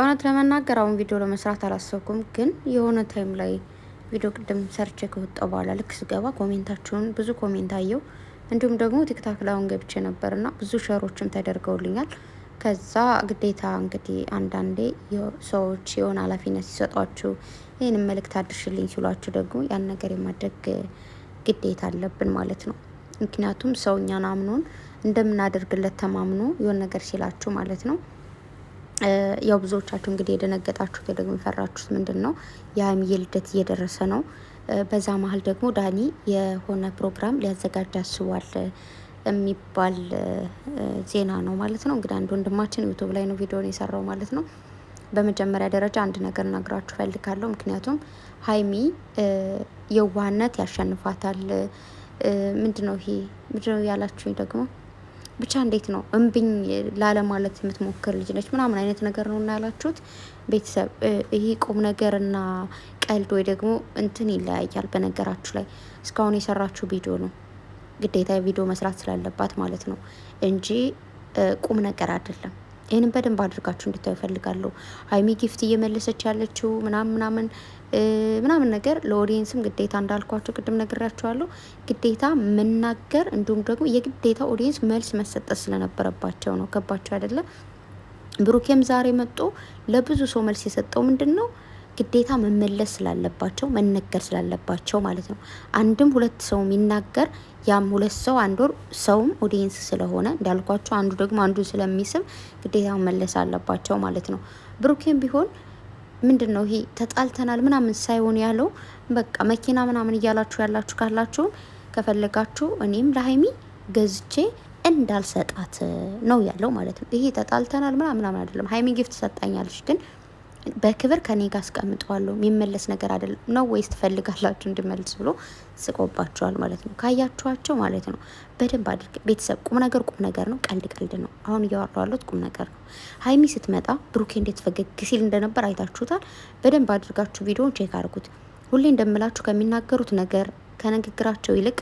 እውነት ለመናገር አሁን ቪዲዮ ለመስራት አላሰብኩም፣ ግን የሆነ ታይም ላይ ቪዲዮ ቅድም ሰርቼ ከወጣው በኋላ ልክ ስገባ ኮሜንታችሁን ብዙ ኮሜንት አየው። እንዲሁም ደግሞ ቲክታክ ላይ አሁን ገብቼ ነበርና ብዙ ሸሮችም ተደርገውልኛል። ከዛ ግዴታ እንግዲህ አንዳንዴ ሰዎች የሆነ ኃላፊነት ሲሰጧችሁ ይህንን መልእክት አድርሽልኝ ሲሏችሁ ደግሞ ያን ነገር የማድረግ ግዴታ አለብን ማለት ነው። ምክንያቱም ሰው እኛን አምኖን እንደምናደርግለት ተማምኖ የሆነ ነገር ሲላችሁ ማለት ነው ያው ብዙዎቻችሁ እንግዲህ የደነገጣችሁት ወይ ደግሞ የፈራችሁት ምንድን ነው የሀይሚዬ ልደት እየደረሰ ነው። በዛ መሀል ደግሞ ዳኒ የሆነ ፕሮግራም ሊያዘጋጅ አስቧል የሚባል ዜና ነው ማለት ነው። እንግዲህ አንድ ወንድማችን ዩቱብ ላይ ነው ቪዲዮን የሰራው ማለት ነው። በመጀመሪያ ደረጃ አንድ ነገር ነግራችሁ ፈልጋለሁ። ምክንያቱም ሀይሚ የዋህነት ያሸንፋታል። ምንድን ነው ይሄ ምንድን ነው ያላችሁኝ ደግሞ ብቻ እንዴት ነው እምብኝ ላለማለት የምትሞክር ልጅ ነች ምናምን አይነት ነገር ነው እና ያላችሁት ቤተሰብ ይሄ ቁም ነገርና ቀልድ ወይ ደግሞ እንትን ይለያያል። በነገራችሁ ላይ እስካሁን የሰራችሁ ቪዲዮ ነው ግዴታ ቪዲዮ መስራት ስላለባት ማለት ነው እንጂ ቁም ነገር አይደለም። ይህንም በደንብ አድርጋችሁ እንድታዩ ይፈልጋለሁ። ሀይሚ ጊፍት እየመለሰች ያለችው ምናምን ምናምን ምናምን ነገር ለኦዲየንስም ግዴታ እንዳልኳቸው ቅድም ነግሬያቸዋለሁ፣ ግዴታ መናገር እንዲሁም ደግሞ የግዴታ ኦዲየንስ መልስ መሰጠት ስለነበረባቸው ነው። ገባቸው አይደለም? ብሩኬም ዛሬ መጡ። ለብዙ ሰው መልስ የሰጠው ምንድን ነው ግዴታ መመለስ ስላለባቸው መነገር ስላለባቸው ማለት ነው። አንድም ሁለት ሰው የሚናገር ያም ሁለት ሰው አንድ ወር ሰውም ኦዲየንስ ስለሆነ እንዳልኳቸው አንዱ ደግሞ አንዱ ስለሚስም ግዴታ መመለስ አለባቸው ማለት ነው። ብሩኬም ቢሆን ምንድን ነው ይሄ ተጣልተናል ምናምን ሳይሆን ያለው በቃ መኪና ምናምን እያላችሁ ያላችሁ ካላችሁ ከፈለጋችሁ እኔም ለሀይሚ ገዝቼ እንዳልሰጣት ነው ያለው ማለት ነው። ይሄ ተጣልተናል ምናምን አይደለም። ሀይሚ ጊፍት ሰጣኛለች ግን በክብር ከኔ ጋር አስቀምጠዋለሁ። የሚመለስ ነገር አይደለም ነው ወይስ ትፈልጋላችሁ እንድመልስ ብሎ ስቆባቸዋል ማለት ነው። ካያችኋቸው ማለት ነው። በደንብ አድርግ ቤተሰብ። ቁም ነገር ቁም ነገር ነው፣ ቀልድ ቀልድ ነው። አሁን እያወራሁ ቁም ነገር ነው። ሀይሚ ስትመጣ ብሩኬ እንዴት ፈገግ ሲል እንደነበር አይታችሁታል። በደንብ አድርጋችሁ ቪዲዮን ቼክ አድርጉት። ሁሌ እንደምላችሁ ከሚናገሩት ነገር ከንግግራቸው ይልቅ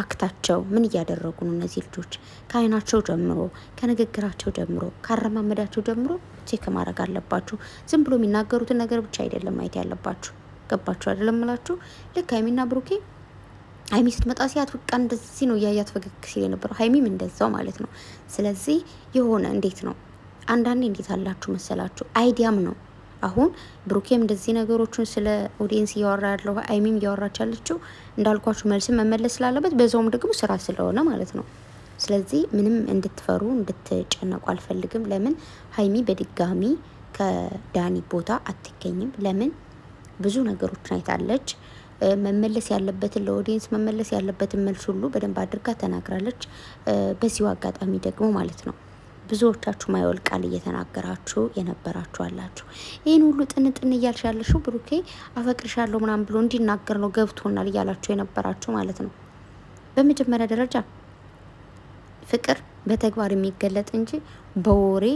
አክታቸው ምን እያደረጉ ነው እነዚህ ልጆች? ከአይናቸው ጀምሮ ከንግግራቸው ጀምሮ ካረማመዳቸው ጀምሮ ቼክ ማድረግ አለባችሁ። ዝም ብሎ የሚናገሩትን ነገር ብቻ አይደለም ማየት ያለባችሁ። ገባችሁ አይደለም ምላችሁ። ልክ ሀይሚና ብሩኬ ሀይሚ ስትመጣ ሲያት በቃ እንደዚህ ነው እያያት ፈገግ ሲል የነበረው ሀይሚም እንደዛው ማለት ነው። ስለዚህ የሆነ እንዴት ነው አንዳንዴ እንዴት አላችሁ መሰላችሁ አይዲያም ነው አሁን ብሩኬም እንደዚህ ነገሮችን ስለ ኦዲየንስ እያወራ ያለው አይሚም እያወራች ያለችው እንዳልኳችሁ መልስ መመለስ ስላለበት በዛውም ደግሞ ስራ ስለሆነ ማለት ነው። ስለዚህ ምንም እንድትፈሩ እንድትጨነቁ አልፈልግም። ለምን ሀይሚ በድጋሚ ከዳኒ ቦታ አትገኝም? ለምን ብዙ ነገሮችን አይታለች። መመለስ ያለበትን ለኦዲየንስ መመለስ ያለበትን መልስ ሁሉ በደንብ አድርጋ ተናግራለች። በዚሁ አጋጣሚ ደግሞ ማለት ነው ብዙዎቻችሁ ማይወል ቃል እየተናገራችሁ የነበራችሁ አላችሁ። ይህን ሁሉ ጥንጥን እያልሽ ያለሽው ብሩኬ አፈቅርሻለሁ ምናምን ብሎ እንዲናገር ነው ገብቶናል እያላችሁ የነበራችሁ ማለት ነው። በመጀመሪያ ደረጃ ፍቅር በተግባር የሚገለጥ እንጂ በወሬ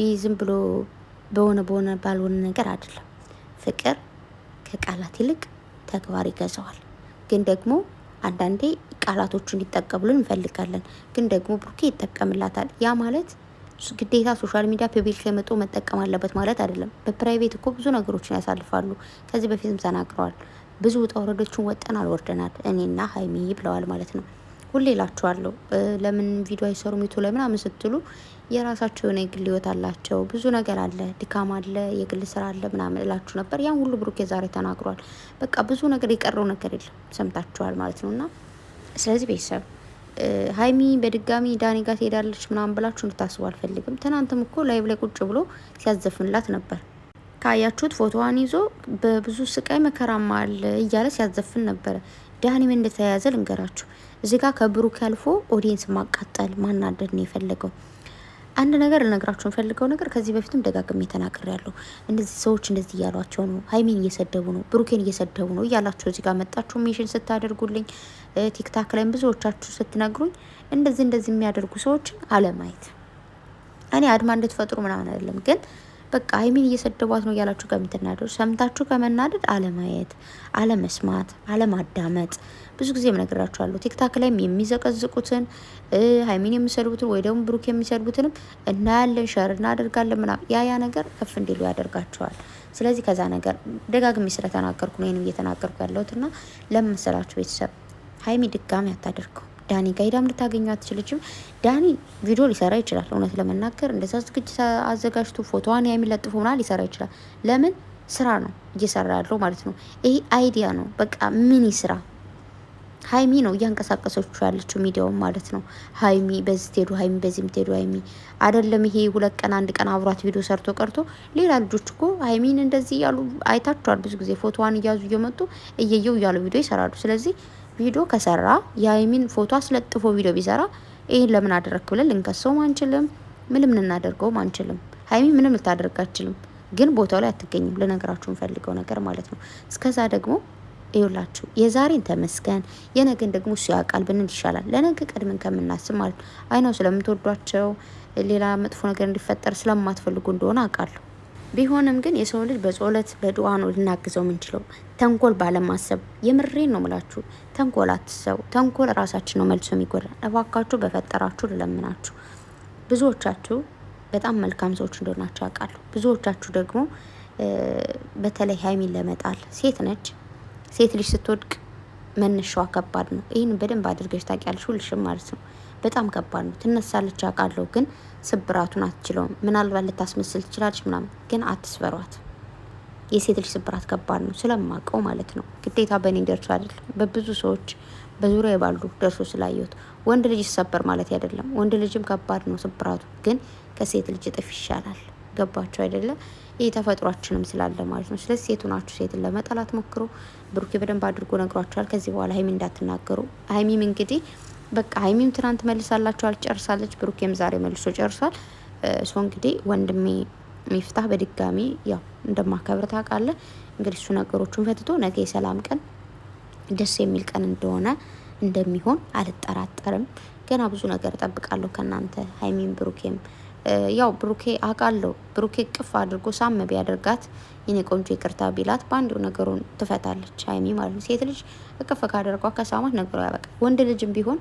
ይህ ዝም ብሎ በሆነ በሆነ ባልሆነ ነገር አይደለም። ፍቅር ከቃላት ይልቅ ተግባር ይገዛዋል። ግን ደግሞ አንዳንዴ ቃላቶቹ እንዲጠቀሙልን እንፈልጋለን። ግን ደግሞ ብሩኬ ይጠቀምላታል። ያ ማለት ግዴታ ሶሻል ሚዲያ ፐብሊክ ላይ መጥቶ መጠቀም አለበት ማለት አይደለም። በፕራይቬት እኮ ብዙ ነገሮችን ያሳልፋሉ። ከዚህ በፊትም ተናግረዋል። ብዙ ውጣ ውረዶችን ወጠናል ወርደናል፣ እኔና ሀይሚ ብለዋል ማለት ነው። ሁሌ ላችኋለሁ ለምን ቪዲዮ አይሰሩ ሚቱ ላይ ምናምን ስትሉ የራሳቸው የሆነ የግል ህይወት አላቸው። ብዙ ነገር አለ፣ ድካም አለ፣ የግል ስራ አለ ምናምን እላችሁ ነበር። ያን ሁሉ ብሩኬ ዛሬ ተናግሯል። በቃ ብዙ ነገር የቀረው ነገር የለም። ሰምታችኋል ማለት ነው እና ስለዚህ ቤተሰብ ሀይሚ በድጋሚ ዳኒ ጋር ትሄዳለች ምናምን ብላችሁ እንድታስቡ አልፈልግም። ትናንትም እኮ ላይብ ላይ ቁጭ ብሎ ሲያዘፍንላት ነበር ካያችሁት። ፎቶዋን ይዞ በብዙ ስቃይ መከራማል እያለ ሲያዘፍን ነበረ። ዳኒ ምን እንደተያያዘ ልንገራችሁ። እዚህ ጋር ከብሩክ ያልፎ ኦዲየንስ ማቃጠል ማናደድ ነው የፈለገው። አንድ ነገር ልነግራችሁ የምፈልገው ነገር ከዚህ በፊትም ደጋግሜ ተናግሬያለሁ። እንደዚህ ሰዎች እንደዚህ እያሏቸው ነው፣ ሀይሚን እየሰደቡ ነው፣ ብሩኬን እየሰደቡ ነው እያላችሁ እዚህ ጋር መጣችሁ ሚሽን ስታደርጉልኝ ቲክታክ ላይም ብዙዎቻችሁ ስትነግሩኝ እንደዚህ እንደዚህ የሚያደርጉ ሰዎችን አለማየት እኔ አድማ እንድትፈጥሩ ምናምን አይደለም ግን በቃ ሀይሚን እየሰደቧት ነው እያላችሁ ከምትናደዱ ሰምታችሁ ከመናደድ አለማየት፣ አለመስማት፣ አለማዳመጥ ብዙ ጊዜ እነግራችኋለሁ። ቲክታክ ላይም የሚዘቀዝቁትን ሀይሚን የሚሰድቡትን ወይ ደግሞ ብሩክ የሚሰድቡትንም እናያለን፣ ሸር እናደርጋለን ምናምን ያ ያ ነገር ከፍ እንዲሉ ያደርጋቸዋል። ስለዚህ ከዛ ነገር ደጋግሜ ስለተናገርኩ ነው ይህንም እየተናገርኩ ያለሁትና ለምን መሰላችሁ ቤተሰብ ሀይሚ ድጋሚ አታደርገው ዳኒ ጋር ሄዳም ልታገኙ አትችልችም። ዳኒ ቪዲዮ ሊሰራ ይችላል። እውነት ለመናገር እንደዛ ዝግጅት አዘጋጅቶ ፎቶዋን የሚለጥፉ ምናምን ሊሰራ ይችላል። ለምን ስራ ነው እየሰራ ያለው ማለት ነው። ይሄ አይዲያ ነው። በቃ ምን ስራ ሀይሚ ነው እያንቀሳቀሰች ያለችው ሚዲያውን ማለት ነው። ሀይሚ በዚህ ትሄዱ፣ ሀይሚ በዚህ ትሄዱ ሀይሚ አይደለም ይሄ ሁለት ቀን አንድ ቀን አብሯት ቪዲዮ ሰርቶ ቀርቶ ሌላ ልጆች እኮ ሀይሚን እንደዚህ እያሉ አይታችኋል። ብዙ ጊዜ ፎቶዋን እያዙ እየመጡ እየየው እያሉ ቪዲዮ ይሰራሉ። ስለዚህ ቪዲዮ ከሰራ የሀይሚን ፎቶ አስለጥፎ ቪዲዮ ቢሰራ ይህን ለምን አደረክ ብለን ልንከሰውም አንችልም፣ ምንም ልናደርገውም አንችልም። ሀይሚ ምንም ልታደርግ አችልም፣ ግን ቦታው ላይ አትገኝም። ልነግራችሁ እንፈልገው ነገር ማለት ነው። እስከዛ ደግሞ ይውላችሁ የዛሬን ተመስገን የነገን ደግሞ እሱ ያውቃል ብንል ይሻላል። ለነገ ቀድመን ከምናስብ ማለት ነው። አይነው ስለምትወዷቸው ሌላ መጥፎ ነገር እንዲፈጠር ስለማትፈልጉ እንደሆነ አውቃለሁ። ቢሆንም ግን የሰው ልጅ በጸሎት በዱዓ ነው ልናግዘው የምንችለው፣ ተንኮል ባለማሰብ። የምሬን ነው ምላችሁ፣ ተንኮል አትሰው። ተንኮል ራሳችን ነው መልሶ የሚጎዳ። እባካችሁ በፈጠራችሁ ልለምናችሁ። ብዙዎቻችሁ በጣም መልካም ሰዎች እንደሆናችሁ ያውቃሉ። ብዙዎቻችሁ ደግሞ በተለይ ሀይሚን ለመጣል ሴት ነች፣ ሴት ልጅ ስትወድቅ መነሻዋ ከባድ ነው። ይህን በደንብ አድርገሽ ታውቂያለሽ፣ ሁልሽም ማለት ነው። በጣም ከባድ ነው። ትነሳለች አውቃለሁ፣ ግን ስብራቱን አትችለውም። ምናልባት ልታስመስል ትችላለች ምናምን፣ ግን አትስበሯት። የሴት ልጅ ስብራት ከባድ ነው ስለማውቀው ማለት ነው። ግዴታ በእኔ ደርሶ አይደለም በብዙ ሰዎች በዙሪያ ባሉ ደርሶ ስላየሁት። ወንድ ልጅ ይሰበር ማለት አይደለም። ወንድ ልጅም ከባድ ነው ስብራቱ፣ ግን ከሴት ልጅ እጥፍ ይሻላል። ገባችሁ አይደለም? ይህ ተፈጥሯችንም ስላለ ማለት ነው። ስለዚህ ሴቱ ናችሁ ሴትን ለመጠላት ሞክሮ ብሩኬ በደንብ አድርጎ ነግሯችኋል። ከዚህ በኋላ ሀይሚ እንዳትናገሩ። ሀይሚም እንግዲህ በቃ ሀይሚም ትናንት መልሳላችኋል ጨርሳለች። ብሩኬም ዛሬ መልሶ ጨርሷል። እሱ እንግዲህ ወንድሜ ሚፍታህ በድጋሚ ያው እንደማከብር ታውቃለህ። እንግዲህ እሱ ነገሮቹን ፈትቶ ነገ የሰላም ቀን ደስ የሚል ቀን እንደሆነ እንደሚሆን አልጠራጠርም። ገና ብዙ ነገር እጠብቃለሁ ከእናንተ ሀይሚም ብሩኬም ያው ብሩኬ አውቃለሁ ብሩኬ ቅፍ አድርጎ ሳም ቢያደርጋት የኔ ቆንጆ ይቅርታ ቢላት በአንዱ ነገሩን ትፈታለች ሀይሚ ማለት ነው። ሴት ልጅ እቅፍ ካደርጓ ከሳማት ነገሩ ያበቃል። ወንድ ልጅም ቢሆን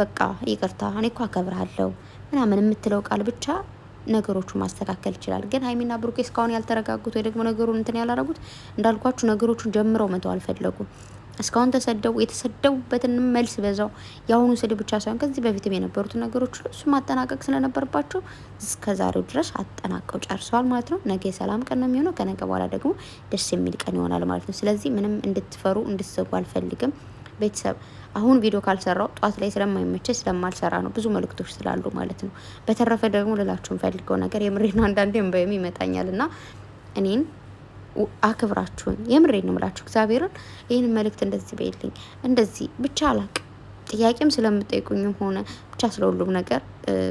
በቃ ይቅርታ እኔ እኮ አከብርሃለሁ ምናምን የምትለው ቃል ብቻ ነገሮቹ ማስተካከል ይችላል። ግን ሀይሚና ብሩኬ እስካሁን ያልተረጋጉት ወይ ደግሞ ነገሩን እንትን ያላረጉት እንዳልኳችሁ ነገሮቹን ጀምረው መተው አልፈለጉም። እስካሁን ተሰደቡ የተሰደቡበትን መልስ በዛው የአሁኑ ስድብ ብቻ ሳይሆን ከዚህ በፊትም የነበሩት ነገሮች እሱ ማጠናቀቅ ስለነበርባቸው ከዛሬው ድረስ አጠናቀው ጨርሰዋል ማለት ነው። ነገ የሰላም ቀን ነው የሚሆነው። ከነገ በኋላ ደግሞ ደስ የሚል ቀን ይሆናል ማለት ነው። ስለዚህ ምንም እንድትፈሩ እንድትሰጉ አልፈልግም ቤተሰብ አሁን ቪዲዮ ካልሰራው ጠዋት ላይ ስለማይመቸኝ ስለማልሰራ ነው፣ ብዙ መልእክቶች ስላሉ ማለት ነው። በተረፈ ደግሞ ልላችሁ የምፈልገው ነገር የምሬን አንዳንዴ እምባዬም ይመጣኛል እና እኔን አክብራችሁን የምሬን ነው ምላችሁ እግዚአብሔርን ይህን መልእክት እንደዚህ በይልኝ እንደዚህ ብቻ አላቅ ጥያቄም ስለምጠይቁኝም ሆነ ብቻ ስለሁሉም ነገር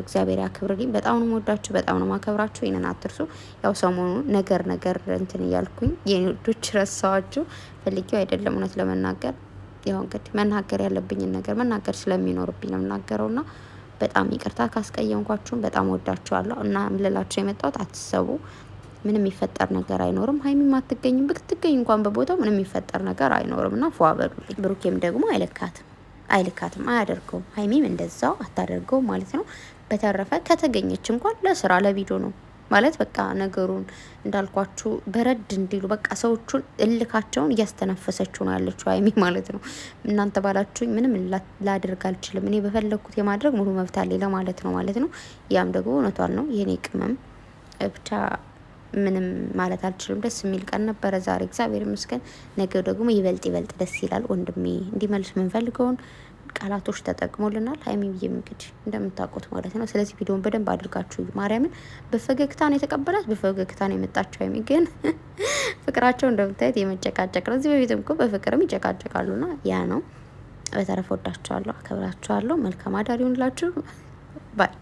እግዚአብሔር ያክብርልኝ። በጣም ነው ወዳችሁ፣ በጣም ነው ማከብራችሁ። ይህንን አትርሱ። ያው ሰሞኑ ነገር ነገር እንትን እያልኩኝ የኔ ረሳዋችሁ ፈልጌው አይደለም እውነት ለመናገር ያው እንግዲህ መናገር ያለብኝን ነገር መናገር ስለሚኖርብኝ ነው የምናገረው ና በጣም ይቅርታ ካስቀየምኳችሁም በጣም ወዳችኋለሁ እና ምልላችሁ የመጣሁት አትሰቡ። ምንም የሚፈጠር ነገር አይኖርም። ሀይሚም አትገኝም። ብትገኝ እንኳን በቦታው ምንም የሚፈጠር ነገር አይኖርም እና ፏ በሉልኝ። ብሩኬም ደግሞ አይልካትም አይልካትም አያደርገውም። ሀይሚም እንደዛው አታደርገውም ማለት ነው። በተረፈ ከተገኘች እንኳን ለስራ ለቪዲዮ ነው ማለት በቃ ነገሩን እንዳልኳችሁ በረድ እንዲሉ በቃ ሰዎቹን እልካቸውን እያስተናፈሰችው ነው ያለችው ሀይሚ ማለት ነው። እናንተ ባላችሁኝ ምንም ላደርግ አልችልም፣ እኔ በፈለግኩት የማድረግ ሙሉ መብት አለኝ ለማለት ነው ማለት ነው። ያም ደግሞ እውነቷን ነው። የኔ ቅመም ብቻ ምንም ማለት አልችልም። ደስ የሚል ቀን ነበረ ዛሬ፣ እግዚአብሔር ይመስገን። ነገር ደግሞ ይበልጥ ይበልጥ ደስ ይላል። ወንድሜ እንዲመልስ የምንፈልገውን ቃላቶች ተጠቅሞልናል። ሀይሚ ብዬም እንግዲህ እንደምታውቁት ማለት ነው። ስለዚህ ቪዲዮን በደንብ አድርጋችሁ ማርያምን በፈገግታ ነው የተቀበላት በፈገግታ ነው የመጣቸው ሀይሚ ግን ፍቅራቸው እንደምታየት የመጨቃጨቅ ነው። እዚህ በፊትም እኮ በፍቅርም ይጨቃጨቃሉ ና ያ ነው። በተረፈ ወዳችኋለሁ፣ አከብራችኋለሁ። መልካም አዳር ይሁንላችሁ ባይ